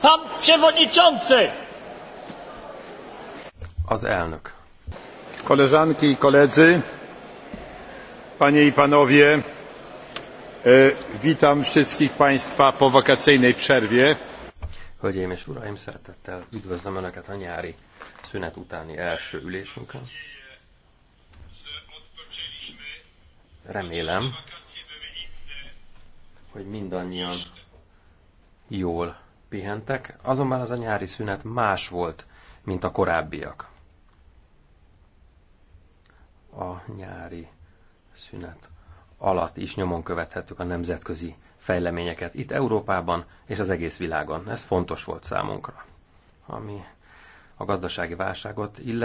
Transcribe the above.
Pan przewodniczący! Az elnök. Koleżanki i koledzy, panie i panowie, e, witam wszystkich państwa po wakacyjnej przerwie. Hölgyeim és uraim, szeretettel üdvözlöm Önöket a nyári szünet utáni első ülésünkön. Remélem, hogy mindannyian jól pihentek, azonban az a nyári szünet más volt, mint a korábbiak. A nyári szünet alatt is nyomon követhettük a nemzetközi fejleményeket itt Európában és az egész világon. Ez fontos volt számunkra, ami a gazdasági válságot illet.